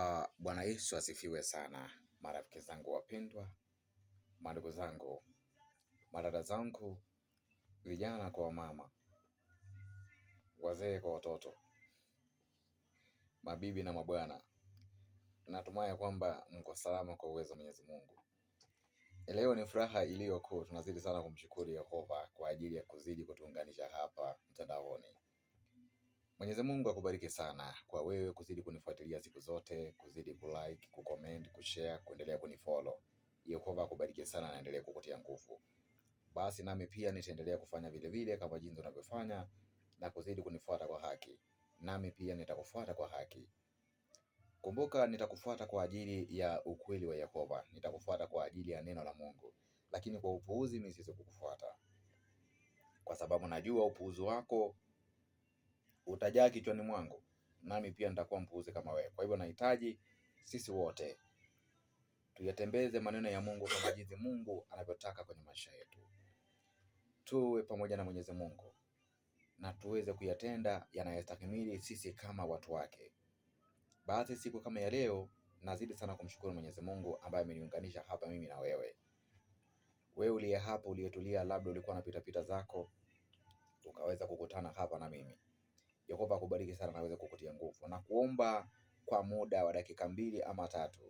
Uh, Bwana Yesu asifiwe sana, marafiki zangu wapendwa, mandugu zangu, madada zangu, vijana kwa wamama, wazee kwa watoto, mabibi na mabwana, natumai kwamba mko salama kwa uwezo wa Mwenyezi Mungu. Leo ni furaha iliyokuu tunazidi sana kumshukuru Yehova kwa ajili ya kuzidi kutuunganisha hapa mtandaoni. Mwenyezi Mungu akubariki sana kwa wewe kuzidi kunifuatilia siku zote, kuzidi kulike, kucomment, kushare, kuendelea kunifollow. Yehova akubariki sana na endelee kukutia nguvu. Basi nami pia nitaendelea kufanya vile vile kama jinsi unavyofanya na kuzidi kunifuata kwa haki. Nami pia nitakufuata kwa haki. Kumbuka nitakufuata kwa ajili ya ukweli wa Yehova, nitakufuata kwa ajili ya neno la Mungu. Lakini kwa upuuzi mimi siwezi kukufuata. Kwa sababu najua upuuzi wako utajaa kichwani mwangu, nami pia nitakuwa mpuuzi kama wewe. Kwa hivyo nahitaji sisi wote tuyatembeze maneno ya Mungu kama jinsi Mungu anavyotaka kwenye maisha yetu. Tuwe pamoja na Mwenyezi Mungu na tuweze kuyatenda yanayostahimili sisi kama watu wake. Basi siku kama ya leo, nazidi sana kumshukuru Mwenyezi Mungu ambaye ameniunganisha hapa mimi na wewe. Wewe uliye hapo, uliyetulia, labda ulikuwa unapita pita zako, ukaweza kukutana hapa na mimi. Yehova akubariki sana na aweze kukutia nguvu na kuomba kwa muda wa dakika mbili ama tatu.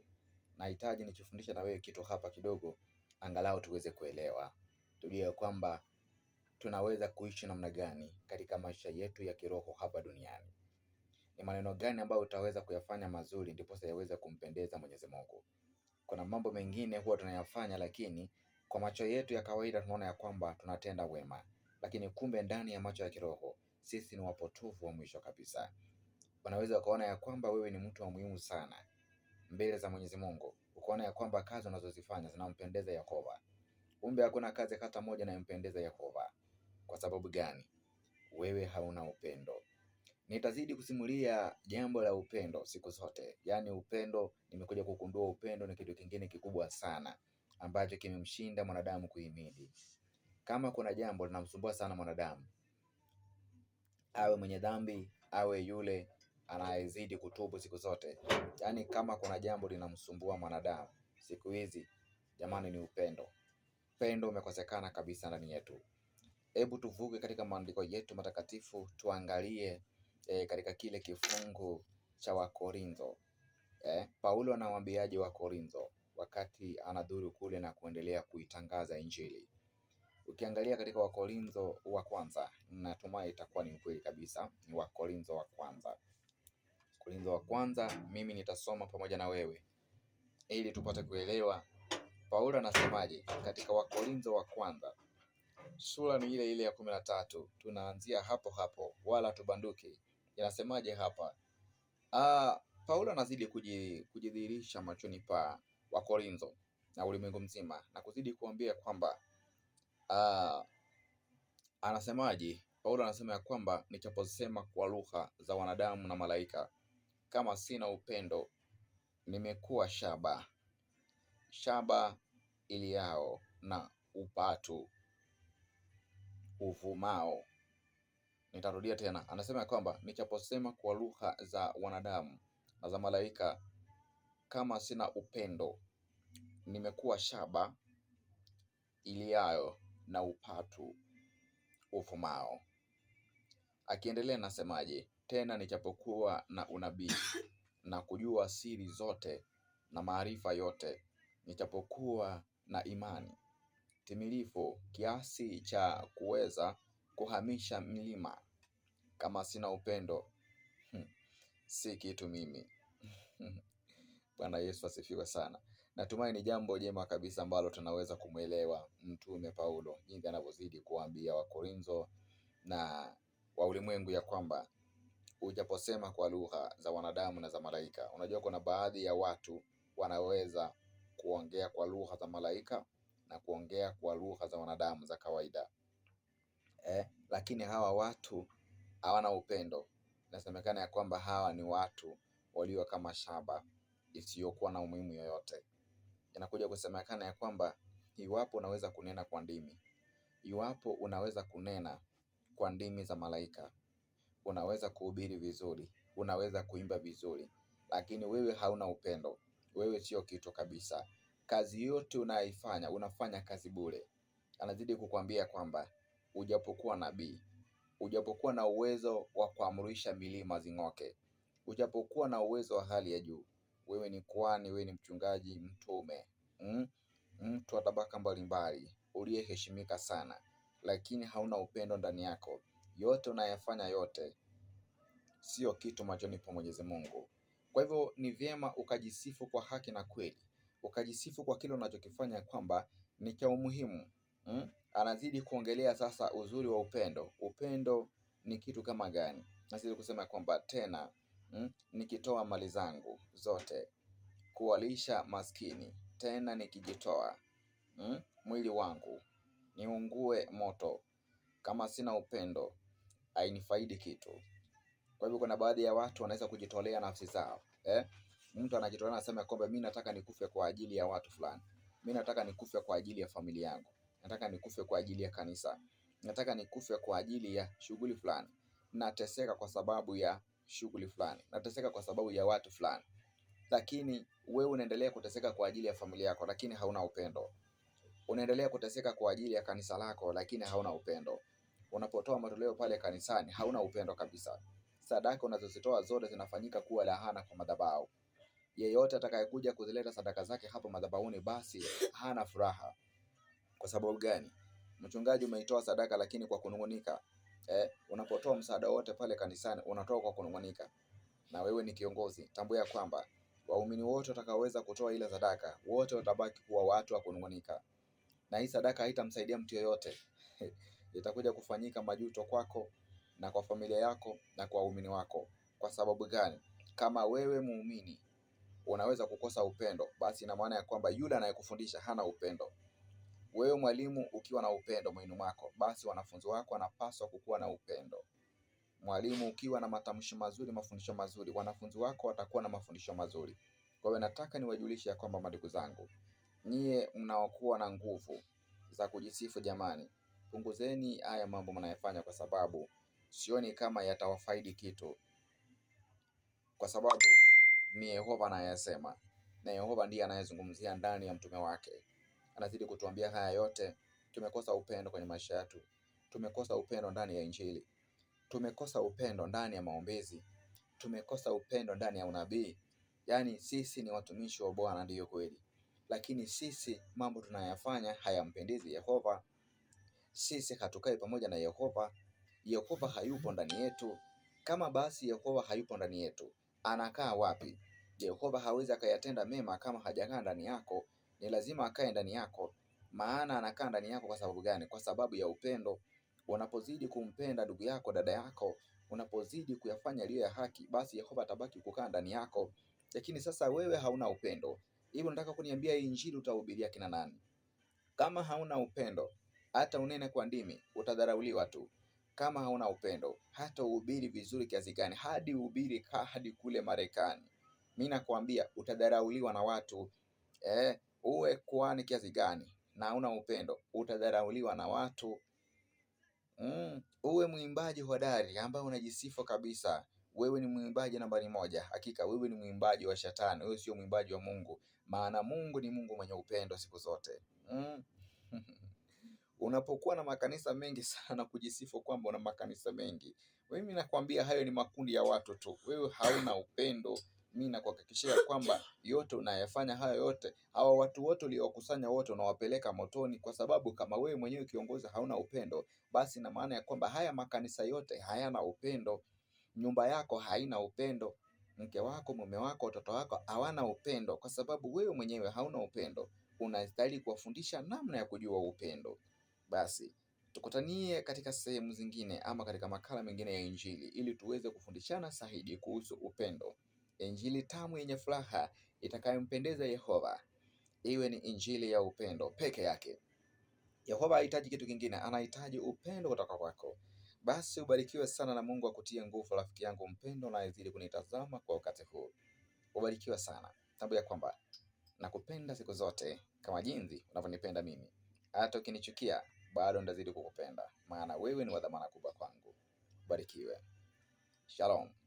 Nahitaji nikifundisha na wewe kitu hapa kidogo, angalau tuweze kuelewa, tujue kwamba tunaweza kuishi namna gani katika maisha yetu ya kiroho hapa duniani. Ni maneno gani ambayo utaweza kuyafanya mazuri ndipo yaweze kumpendeza Mwenyezi Mungu. Kuna mambo mengine huwa tunayafanya, lakini kwa macho yetu ya kawaida tunaona ya kwamba tunatenda wema, lakini kumbe ndani ya macho ya kiroho sisi ni wapotovu wa mwisho kabisa. Wanaweza wakaona ya kwamba wewe ni mtu wa muhimu sana mbele za Mwenyezi Mungu, ukaona ya kwamba kazi unazozifanya zinampendeza Yehova. Kumbe hakuna kazi hata moja inayompendeza Yehova. Kwa sababu gani? Wewe hauna upendo. Nitazidi kusimulia jambo la upendo siku zote, yaani upendo. Nimekuja kukundua upendo ni kitu kingine kikubwa sana ambacho kimemshinda mwanadamu kuhimili. Kama kuna jambo linamsumbua sana mwanadamu awe mwenye dhambi, awe yule anayezidi kutubu siku zote. Yaani kama kuna jambo linamsumbua mwanadamu siku hizi, jamani, ni upendo. Upendo umekosekana kabisa ndani yetu. Hebu tuvuke katika maandiko yetu matakatifu tuangalie e, katika kile kifungu cha Wakorintho e, Paulo anawaambiaje Wakorintho wakati anadhuru kule na kuendelea kuitangaza Injili? Ukiangalia katika Wakorintho wa kwanza, natumai itakuwa ni ukweli kabisa, ni Wakorintho wa kwanza, Korintho wa kwanza. Mimi nitasoma pamoja na wewe ili tupate kuelewa Paulo anasemaje katika Wakorintho wa kwanza. Sura ni ile ile ya kumi na tatu, tunaanzia hapo hapo, wala tubanduke. Inasemaje hapa? Ah, Paulo anazidi kujidhihirisha machoni pa Wakorintho na ulimwengu mzima na kuzidi kuambia kwamba uh, anasemaje? Paulo anasema ya kwamba nitaposema kwa lugha za wanadamu na malaika, kama sina upendo, nimekuwa shaba shaba iliyao na upatu uvumao. Nitarudia tena, anasema ya kwamba nichaposema kwa lugha za wanadamu na za malaika, kama sina upendo, nimekuwa shaba iliayo na upatu ufumao Akiendelea nasemaje? Tena nichapokuwa na unabii na kujua siri zote na maarifa yote, nichapokuwa na imani timilifu kiasi cha kuweza kuhamisha mlima, kama sina upendo, hmm, si kitu mimi. Bwana Yesu asifiwe sana. Natumai ni jambo jema kabisa ambalo tunaweza kumwelewa Mtume Paulo jinsi anavyozidi kuwaambia Wakorintho na wa ulimwengu ya kwamba ujaposema kwa lugha za wanadamu na za malaika. Unajua, kuna baadhi ya watu wanaweza kuongea kwa lugha za malaika na kuongea kwa lugha za wanadamu za kawaida eh, lakini hawa watu hawana upendo. Inasemekana ya kwamba hawa ni watu walio kama shaba isiyokuwa na umuhimu yoyote yanakuja kusemekana ya kwamba iwapo unaweza kunena kwa ndimi, iwapo unaweza kunena kwa ndimi za malaika, unaweza kuhubiri vizuri, unaweza kuimba vizuri, lakini wewe hauna upendo, wewe sio kitu kabisa, kazi yote unayoifanya unafanya kazi bure. Anazidi kukwambia kwamba ujapokuwa nabii, ujapokuwa na uwezo wa kuamrisha milima zing'oke, ujapokuwa na uwezo wa hali ya juu, wewe ni kwani wewe ni mchungaji, mtume mm? mtu wa tabaka mbalimbali uliyeheshimika sana, lakini hauna upendo ndani yako, yote unayafanya yote sio kitu machoni pa Mwenyezi Mungu. Kwa hivyo ni vyema ukajisifu kwa haki na kweli, ukajisifu kwa kile unachokifanya kwamba ni cha umuhimu mm? Anazidi kuongelea sasa uzuri wa upendo. Upendo ni kitu kama gani? Nazidi kusema kwamba tena mm, nikitoa mali zangu zote kuwalisha maskini, tena nikijitoa mm, mwili wangu niungue moto, kama sina upendo hainifaidi kitu. Kwa hivyo kuna baadhi ya watu wanaweza kujitolea nafsi zao eh? Mtu anajitolea anasema kwamba mimi nataka nikufe kwa ajili ya watu fulani, mimi nataka nikufe kwa ajili ya familia yangu, nataka nikufe kwa ajili ya kanisa, nataka nikufe kwa ajili ya shughuli fulani. Nateseka kwa sababu ya shughuli fulani, nateseka kwa sababu ya watu fulani, lakini wewe unaendelea kuteseka kwa ajili ya familia yako, lakini hauna upendo. Unaendelea kuteseka kwa ajili ya kanisa lako, lakini hauna upendo. Unapotoa matoleo pale kanisani, hauna upendo kabisa. Sadaka unazozitoa zote zinafanyika kuwa lahana kwa madhabahu. Yeyote atakayekuja kuzileta sadaka zake hapo madhabahuni, basi hana furaha. Kwa sababu gani? Mchungaji, umeitoa sadaka lakini kwa kunung'unika eh, unapotoa msaada wote pale kanisani unatoa kwa kunung'unika, na wewe ni kiongozi, tambua ya kwamba waumini wote watakaoweza kutoa ile sadaka wote watabaki kuwa watu wa kunung'unika, na hii sadaka haitamsaidia mtu yoyote itakuja kufanyika majuto kwako na kwa familia yako na kwa waumini wako. Kwa sababu gani? Kama wewe muumini unaweza kukosa upendo, basi ina maana ya kwamba yule anayekufundisha hana upendo. Wewe mwalimu ukiwa na upendo moyoni mwako, basi wanafunzi wako wanapaswa kukuwa na upendo. Mwalimu ukiwa na matamshi mazuri, mafundisho mazuri, wanafunzi wako watakuwa na mafundisho mazuri. Kwa hiyo nataka niwajulishe ya kwamba mandugu zangu, nyie mnaokuwa na nguvu za kujisifu, jamani, punguzeni haya mambo mnayofanya, kwa sababu sioni kama yatawafaidi kitu, kwa sababu ni Yehova anayesema na Yehova ndiye anayezungumzia ndani ya mtume wake anazidi kutuambia haya yote. Tumekosa upendo kwenye maisha yetu, tumekosa upendo ndani ya Injili, tumekosa upendo ndani ya maombezi, tumekosa upendo ndani ya unabii. Yaani sisi ni watumishi wa Bwana, ndiyo kweli, lakini sisi mambo tunayafanya hayampendezi Yehova. Sisi hatukai pamoja na Yehova, Yehova hayupo ndani yetu. Kama basi Yehova hayupo ndani yetu, anakaa wapi? Yehova hawezi akayatenda mema kama hajakaa ndani yako ni lazima akae ndani yako. Maana anakaa ndani yako kwa sababu gani? Kwa sababu ya upendo. Unapozidi kumpenda ndugu yako, dada yako, unapozidi kuyafanya yaliyo ya haki, basi Yehova atabaki kukaa ndani yako. Lakini sasa wewe hauna upendo, hivi unataka kuniambia injili utahubiria kina nani? Kama hauna upendo, hata unene kwa ndimi utadharauliwa tu. Kama hauna upendo, hata uhubiri vizuri kiasi gani, hadi uhubiri hadi kule Marekani, mimi nakwambia utadharauliwa na watu eh uwe kuhani kiasi gani na una upendo, utadharauliwa na watu mm. Uwe mwimbaji hodari ambaye unajisifu kabisa, wewe ni mwimbaji nambari moja. Hakika wewe ni mwimbaji wa shetani, wewe sio mwimbaji wa Mungu, maana Mungu ni Mungu mwenye upendo siku zote mm. Unapokuwa na makanisa mengi sana, kujisifu kwamba una makanisa mengi, mimi nakwambia hayo ni makundi ya watu tu, wewe hauna upendo mi nakuhakikishia kwamba yote unayafanya hayo yote, hawa watu wote uliowakusanya wote unawapeleka motoni, kwa sababu kama wewe mwenyewe kiongozi hauna upendo, basi ina maana ya kwamba haya makanisa yote hayana upendo, nyumba yako haina upendo, mke wako, mume wako, watoto wako hawana upendo, kwa sababu wewe mwenyewe hauna upendo. Unastahili kuwafundisha namna ya kujua upendo. Basi tukutanie katika sehemu zingine ama katika makala mengine ya Injili ili tuweze kufundishana zaidi kuhusu upendo injili tamu yenye furaha itakayompendeza Yehova, iwe ni injili ya upendo peke yake. Yehova hahitaji kitu kingine, anahitaji upendo kutoka kwako. Basi ubarikiwe sana na Mungu akutie nguvu, rafiki yangu mpendo, unayezidi kunitazama kwa wakati huu. Ubarikiwe sana, tambua ya kwamba nakupenda siku zote kama jinsi unavyonipenda mimi. Hata ukinichukia bado ndazidi kukupenda, maana wewe ni wa dhamana kubwa kwangu. Ubarikiwe. Shalom.